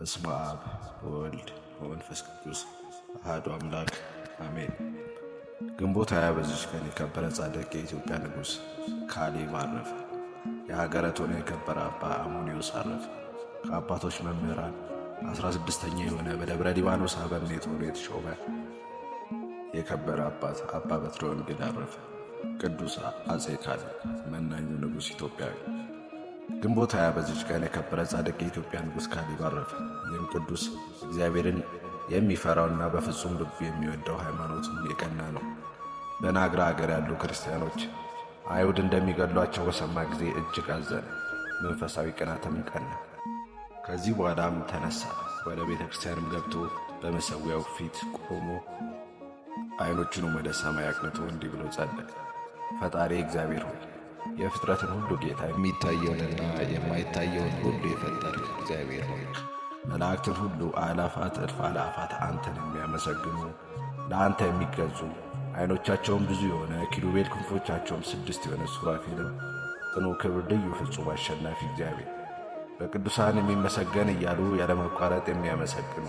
በስመ አብ ወወልድ ወመንፈስ ቅዱስ አህዱ አምላክ አሜን። ግንቦት ሃያ በዚች ቀን የከበረ ጻድቅ የኢትዮጵያ ንጉሥ ካሌብ አረፈ። የሀገረ ሆነ የከበረ አባ አሞኒዮስ አረፈ። ከአባቶች መምህራን አስራ ስድስተኛ የሆነ በደብረ ሊባኖስ አበምኔቶን የተሾመ የከበረ አባት አባ በትረ ወንጌል አረፈ። ቅዱስ አጼ ካሌብ መናኙ ንጉሥ ኢትዮጵያዊ ግንቦት ሃያ በዚች ቀን የከበረ ጻድቅ የኢትዮጵያ ንጉሥ ካሊብ አረፈ። ይህም ቅዱስ እግዚአብሔርን የሚፈራውና በፍጹም ልቡ የሚወደው ሃይማኖቱም የቀና ነው። በናግራ አገር ያሉ ክርስቲያኖች አይሁድ እንደሚገድሏቸው በሰማ ጊዜ እጅግ አዘነ፣ መንፈሳዊ ቅናትም ቀና። ከዚህ በኋላም ተነሳ፣ ወደ ቤተ ክርስቲያንም ገብቶ በመሠዊያው ፊት ቆሞ አይኖቹንም ወደ ሰማይ አቅንቶ እንዲህ ብሎ ጸለየ። ፈጣሪ እግዚአብሔር ሆይ የፍጥረትን ሁሉ ጌታ የሚታየውንና የማይታየውን ሁሉ የፈጠረ እግዚአብሔር ሆይ መላእክትን ሁሉ አላፋት እልፍ አላፋት አንተን የሚያመሰግኑ ለአንተ የሚገዙ ዓይኖቻቸውም ብዙ የሆነ ኪሩቤል ክንፎቻቸውም ስድስት የሆነ ሱራፌልም ጥኑ ክብር ልዩ ፍጹም አሸናፊ እግዚአብሔር በቅዱሳን የሚመሰገን እያሉ ያለመቋረጥ የሚያመሰግኑ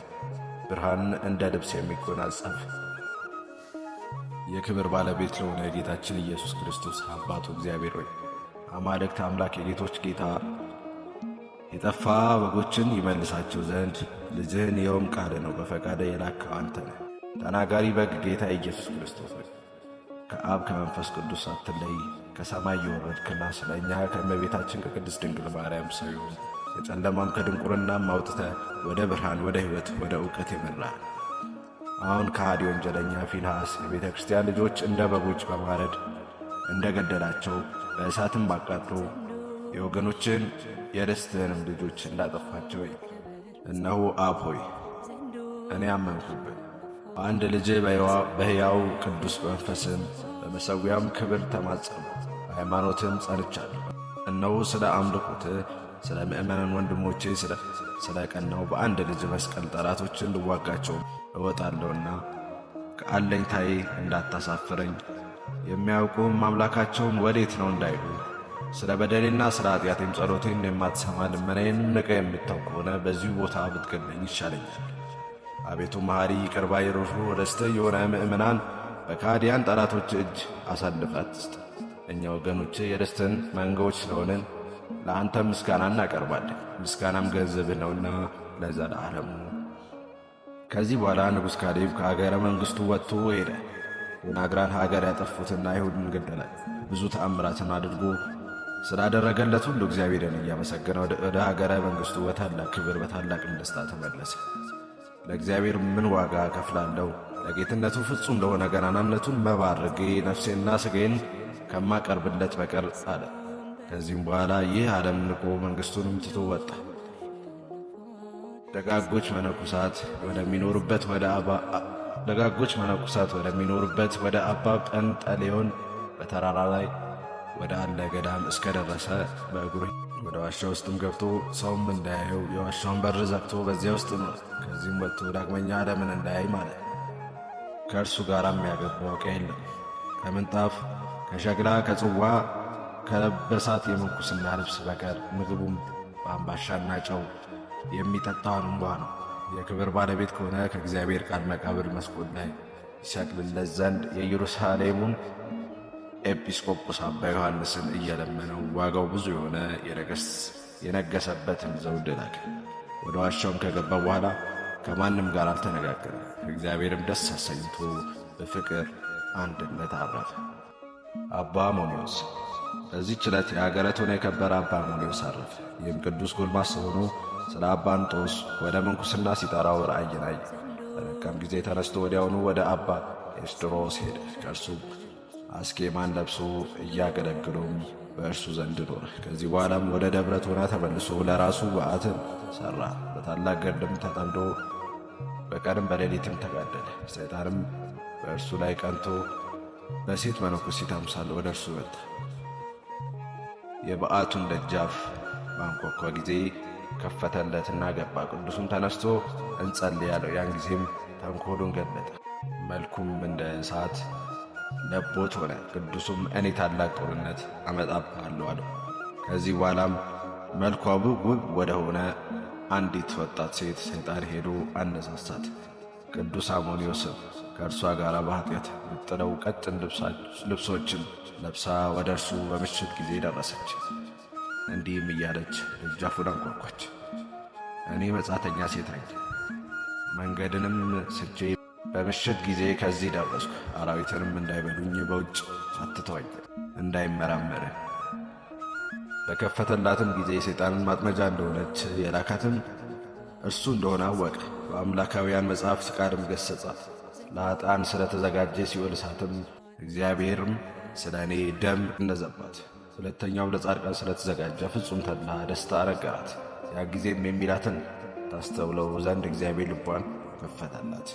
ብርሃንን እንደ ልብስ የሚጎናጸፍ የክብር ባለቤት ለሆነ የጌታችን ኢየሱስ ክርስቶስ አባቱ እግዚአብሔር ሆይ አማልክት አምላክ የጌቶች ጌታ የጠፋ በጎችን ይመልሳቸው ዘንድ ልጅህን የውም ቃል ነው በፈቃደ የላከው አንተ ነህ። ተናጋሪ በግ ጌታ ኢየሱስ ክርስቶስ ሆይ ከአብ ከመንፈስ ቅዱስ ሳትለይ ከሰማይ የወረድክና ስለ እኛ ከእመቤታችን ከቅድስት ድንግል ማርያም ሰው የጨለማም ከድንቁርናም አውጥተ ወደ ብርሃን ወደ ሕይወት ወደ እውቀት የመራ አሁን ከሃዲ ወንጀለኛ ፊንሐስ የቤተ ክርስቲያን ልጆች እንደ በጎች በማረድ እንደ ገደላቸው በእሳትም ባቃጥሎ የወገኖችን የርስትህንም ልጆች እንዳጠፋቸው እነሆ አብ ሆይ እኔ አመንኩብን። በአንድ ልጅ በሕያው ቅዱስ መንፈስም በመሠዊያም ክብር ተማጸኑ፣ ሃይማኖትም ጸንቻለሁ። እነሆ ስለ አምልኮትህ ስለ ምእመናን ወንድሞቼ ስለ ቀናው በአንድ ልጅ መስቀል ጠላቶች እንድዋጋቸው እወጣለሁና ከአለኝታዬ እንዳታሳፍረኝ። የሚያውቁም አምላካቸውም ወዴት ነው እንዳይሉ ስለ በደሌና ስለ ኃጢአቴም ጸሎቴን የማትሰማ ልመናዬንም ንቀ የምታው ከሆነ በዚሁ ቦታ ብትገለኝ ይሻለኛል። አቤቱ መሐሪ፣ ቅርባ የሮሹ ርኅሩህ የሆነ ምእመናን በካዲያን ጠላቶች እጅ አሳልፈት እኛ ወገኖች የደስትን መንጋዎች ስለሆንን ለአንተ ምስጋና እናቀርባለን፣ ምስጋናም ገንዘብ ነውና ለዘላለሙ። ከዚህ በኋላ ንጉሥ ካሌብ ከአገረ መንግሥቱ ወጥቶ ሄደ። ወናግራን ሀገር ያጠፉትና አይሁድን ገደለ። ብዙ ተአምራትን አድርጎ ስላደረገለት ሁሉ እግዚአብሔርን እያመሰገነ ወደ ሀገረ መንግሥቱ በታላቅ ክብር በታላቅም ደስታ ተመለሰ። ለእግዚአብሔር ምን ዋጋ ከፍላለሁ? ለጌትነቱ ፍጹም ለሆነ ገናናነቱን መባርጌ ነፍሴና ሥጋዬን ከማቀርብለት በቀር አለ። ከዚህም በኋላ ይህ ዓለም ንቆ መንግሥቱንም ትቶ ወጣ። ደጋጎች መነኩሳት ወደሚኖሩበት ወደ አባ ደጋጎች መነኩሳት ወደሚኖሩበት ወደ አባ በተራራ ላይ ወደ አለ ገዳም እስከ ደረሰ በእግሩ ወደ ዋሻ ውስጥም ገብቶ ሰውም እንዳያየው የዋሻውን በር ዘግቶ በዚያ ውስጥ ነው። ከዚህም ወጥቶ ዳግመኛ ለምን እንዳያይ ማለት ከእርሱ ጋር የሚያገባው ዕቃ የለም። ከምንጣፍ ከሸክላ ከጽዋ ከለበሳት የምንኩስና ልብስ በቀር ምግቡም በአምባሻና ጨው የሚጠጣውን እንኳ ነው። የክብር ባለቤት ከሆነ ከእግዚአብሔር ቃል መቃብር መስኮት ላይ ይሰቅልለት ዘንድ የኢየሩሳሌሙን ኤጲስቆጶስ አባ ዮሐንስን እየለመነው ዋጋው ብዙ የሆነ የነገሰበትን ዘውድ ላከ። ወደ ዋሻውም ከገባ በኋላ ከማንም ጋር አልተነጋገረ። እግዚአብሔርም ደስ አሰኝቶ በፍቅር አንድነት አረፈ። አባ ሞኒዮስ በዚህ ችለት የአገረት ሆነ የከበረ አባ ኖኔዎስ አረፈ። ይህም ቅዱስ ጎልማስ ሆኖ ስለ አባንጦስ ወደ ምንኩስና ሲጠራው ራእይን አየ። በነቃም ጊዜ ተነስቶ ወዲያውኑ ወደ አባ ኤስድሮስ ሄደ። ከእርሱ አስኬማን ለብሶ እያገለግሎም በእርሱ ዘንድ ኖረ። ከዚህ በኋላም ወደ ደብረ ቶና ተመልሶ ለራሱ በዓትን ሠራ። በታላቅ ገድልም ተጠምዶ በቀንም በሌሊትም ተጋደለ። ሰይጣንም በእርሱ ላይ ቀንቶ በሴት መነኩሲት አምሳል ወደ እርሱ መጣ። የበዓቱን ደጃፍ ባንኳኳ ጊዜ ከፈተለትና ገባ። ቅዱሱም ተነስቶ እንጸልይ አለው። ያን ጊዜም ተንኮሉን ገለጠ። መልኩም እንደ እሳት ለቦት ሆነ። ቅዱሱም እኔ ታላቅ ጦርነት አመጣብሃለሁ አለው። ከዚህ በኋላም መልኳ ውብ ወደሆነ ወደ ሆነ አንዲት ወጣት ሴት ሰይጣን ሄዶ አነሳሳት። ቅዱስ አሞኒዮስም ከእርሷ ጋር በኃጢአት ምጥነው ቀጭን ልብሶችን ለብሳ ወደ እርሱ በምሽት ጊዜ ደረሰች። እንዲህም እያለች ደጃፉን አንኳኳች። እኔ መጻተኛ ሴት ነኝ፣ መንገድንም ስቼ በምሽት ጊዜ ከዚህ ደረስኩ። አራዊትንም እንዳይበሉኝ በውጭ አትተወኝ፣ እንዳይመራመር በከፈተላትም ጊዜ የሰይጣንን ማጥመጃ እንደሆነች የላካትም እርሱ እንደሆነ አወቀ። በአምላካውያን መጽሐፍ ስቃድም ገሰጻት። ለአጣን ስለተዘጋጀ ሲኦል እሳትም እግዚአብሔርም ስለ እኔ ደም እነዘባት። ሁለተኛውም ለጻድቃን ስለተዘጋጀ ፍጹም ተድላ ደስታ አረጋት። ያ ጊዜም የሚላትን ታስተውለው ዘንድ እግዚአብሔር ልቧን ከፈተላት።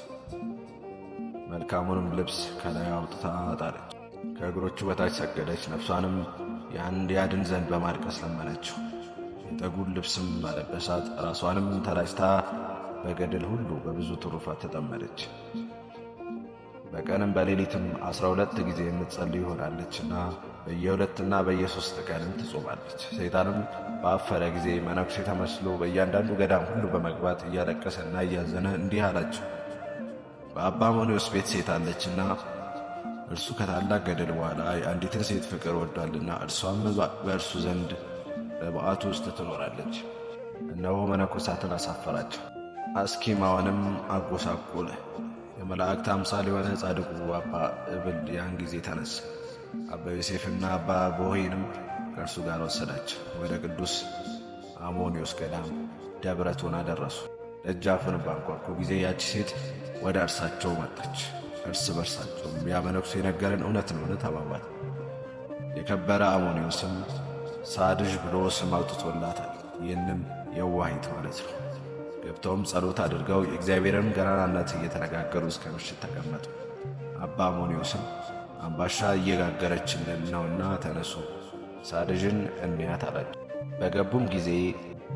መልካሙንም ልብስ ከላይ አውጥታ አጣለች። ከእግሮቹ በታች ሰገደች። ነፍሷንም የአንድ ያድን ዘንድ በማልቀስ ለመነችው። የጠጉር ልብስም አለበሳት። ራሷንም ተላጭታ በገድል ሁሉ በብዙ ትሩፋት ተጠመደች። በቀንም በሌሊትም አስራ ሁለት ጊዜ የምትጸልይ ይሆናለችና በየሁለትና በየሶስት ቀንም ትጾማለች። ሰይጣንም በአፈረ ጊዜ መነኩሴ ተመስሎ በእያንዳንዱ ገዳም ሁሉ በመግባት እያለቀሰና እያዘነ እንዲህ አላቸው። በአባ ቤት ሴት አለችና እርሱ ከታላቅ ገደል በኋላ የአንዲትን ሴት ፍቅር ወዷልና እርሷም በእርሱ ዘንድ በበዓቱ ውስጥ ትኖራለች። እነሆ መነኮሳትን አሳፈራቸው፣ አስኪማዋንም አጎሳቆለ። በመላእክት አምሳል የሆነ ጻድቁ አባ እብል ያን ጊዜ ተነሳ። አባ ዮሴፍና አባ ቦሄንም ከእርሱ ጋር ወሰዳቸው። ወደ ቅዱስ አሞኒዮስ ገዳም ደብረቱን አደረሱ። ደረሱ። ደጃፉን ባንኳኩ ጊዜ ያቺ ሴት ወደ እርሳቸው መጣች። እርስ በርሳቸውም ያ የነገረን እውነት ነው የከበረ አሞኒዮስም ሳድዥ ብሎ ስም አውጥቶላታል። ይህንም የዋሂት ማለት ነው። ገብተውም ጸሎት አድርገው የእግዚአብሔርን ገናናነት እየተነጋገሩ እስከ ምሽት ተቀመጡ። አባ ሞኒዮስም አምባሻ እየጋገረችልን ነውና ተነሱ ሳድዥን እንያት አላቸው። በገቡም ጊዜ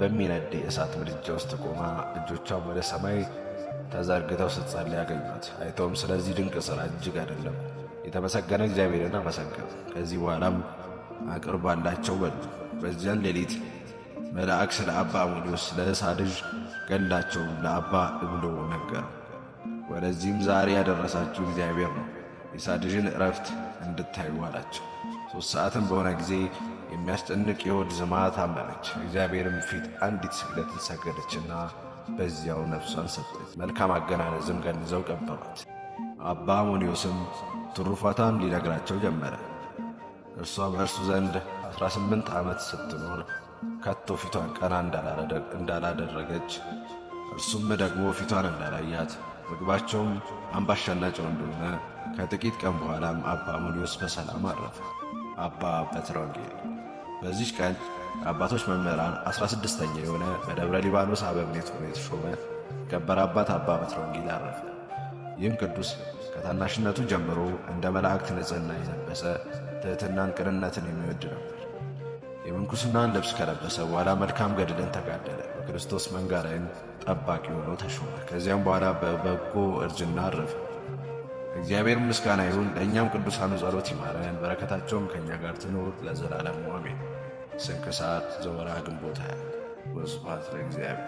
በሚነድ የእሳት ምድጃ ውስጥ ቆማ እጆቿን ወደ ሰማይ ተዘርግተው ስትጸልይ ያገኙት። አይተውም ስለዚህ ድንቅ ሥራ እጅግ አይደለም የተመሰገነ እግዚአብሔርን አመሰገኑ። ከዚህ በኋላም አቅርባላቸው በሉ። በዚያን ሌሊት መልአክ ስለ አባ አሞኒዎስ ለእሳ ልጅ ገላቸው ለአባ እብሎ ነገረው ወደዚህም ዛሬ ያደረሳችሁ እግዚአብሔር ነው የሳድዥን እረፍት እንድታዩ አላቸው። ሦስት ሰዓትም በሆነ ጊዜ የሚያስጨንቅ የሆድ ዝማት አመነች። እግዚአብሔርም ፊት አንዲት ስግደትን ሰገደችና በዚያው ነፍሷን ሰጠች። መልካም አገናነዝም ገንዘው ቀበሯት። አባ አሞኒዎስም ትሩፋቷን ሊነግራቸው ጀመረ። እርሷ በእርሱ ዘንድ 18 ዓመት ስትኖር ከቶ ፊቷን ቀና እንዳላደረገች እርሱም ደግሞ ፊቷን እንዳላያት ምግባቸውም አምባሻና ጨው እንደሆነ ከጥቂት ቀን በኋላም አባ ሙኒዮስ በሰላም አረፈ። አባ በትረ በዚች ቀን አባቶች መምህራን 16ኛ የሆነ በደብረ ሊባኖስ አበምኔት ሆኖ የተሾመ የከበረ አባት አባ በትረ ወንጌል አረፈ። ይህም ቅዱስ ከታናሽነቱ ጀምሮ እንደ መላእክት ንጽሕና የለበሰ ትሕትናን፣ ቅንነትን የሚወድ ነው። የምንኩስናን ልብስ ከለበሰ በኋላ መልካም ገድልን ተጋደለ። በክርስቶስ መንጋ ላይም ጠባቂ ሆኖ ተሾመ። ከዚያም በኋላ በበጎ እርጅና አረፈ። እግዚአብሔር ምስጋና ይሁን። ለእኛም ቅዱሳኑ ጸሎት ይማረን፣ በረከታቸውም ከእኛ ጋር ትኖር ለዘላለም አሜን። ስንክሳር ዘወርኀ ግንቦት ሃያ። ወስብሐት ለእግዚአብሔር።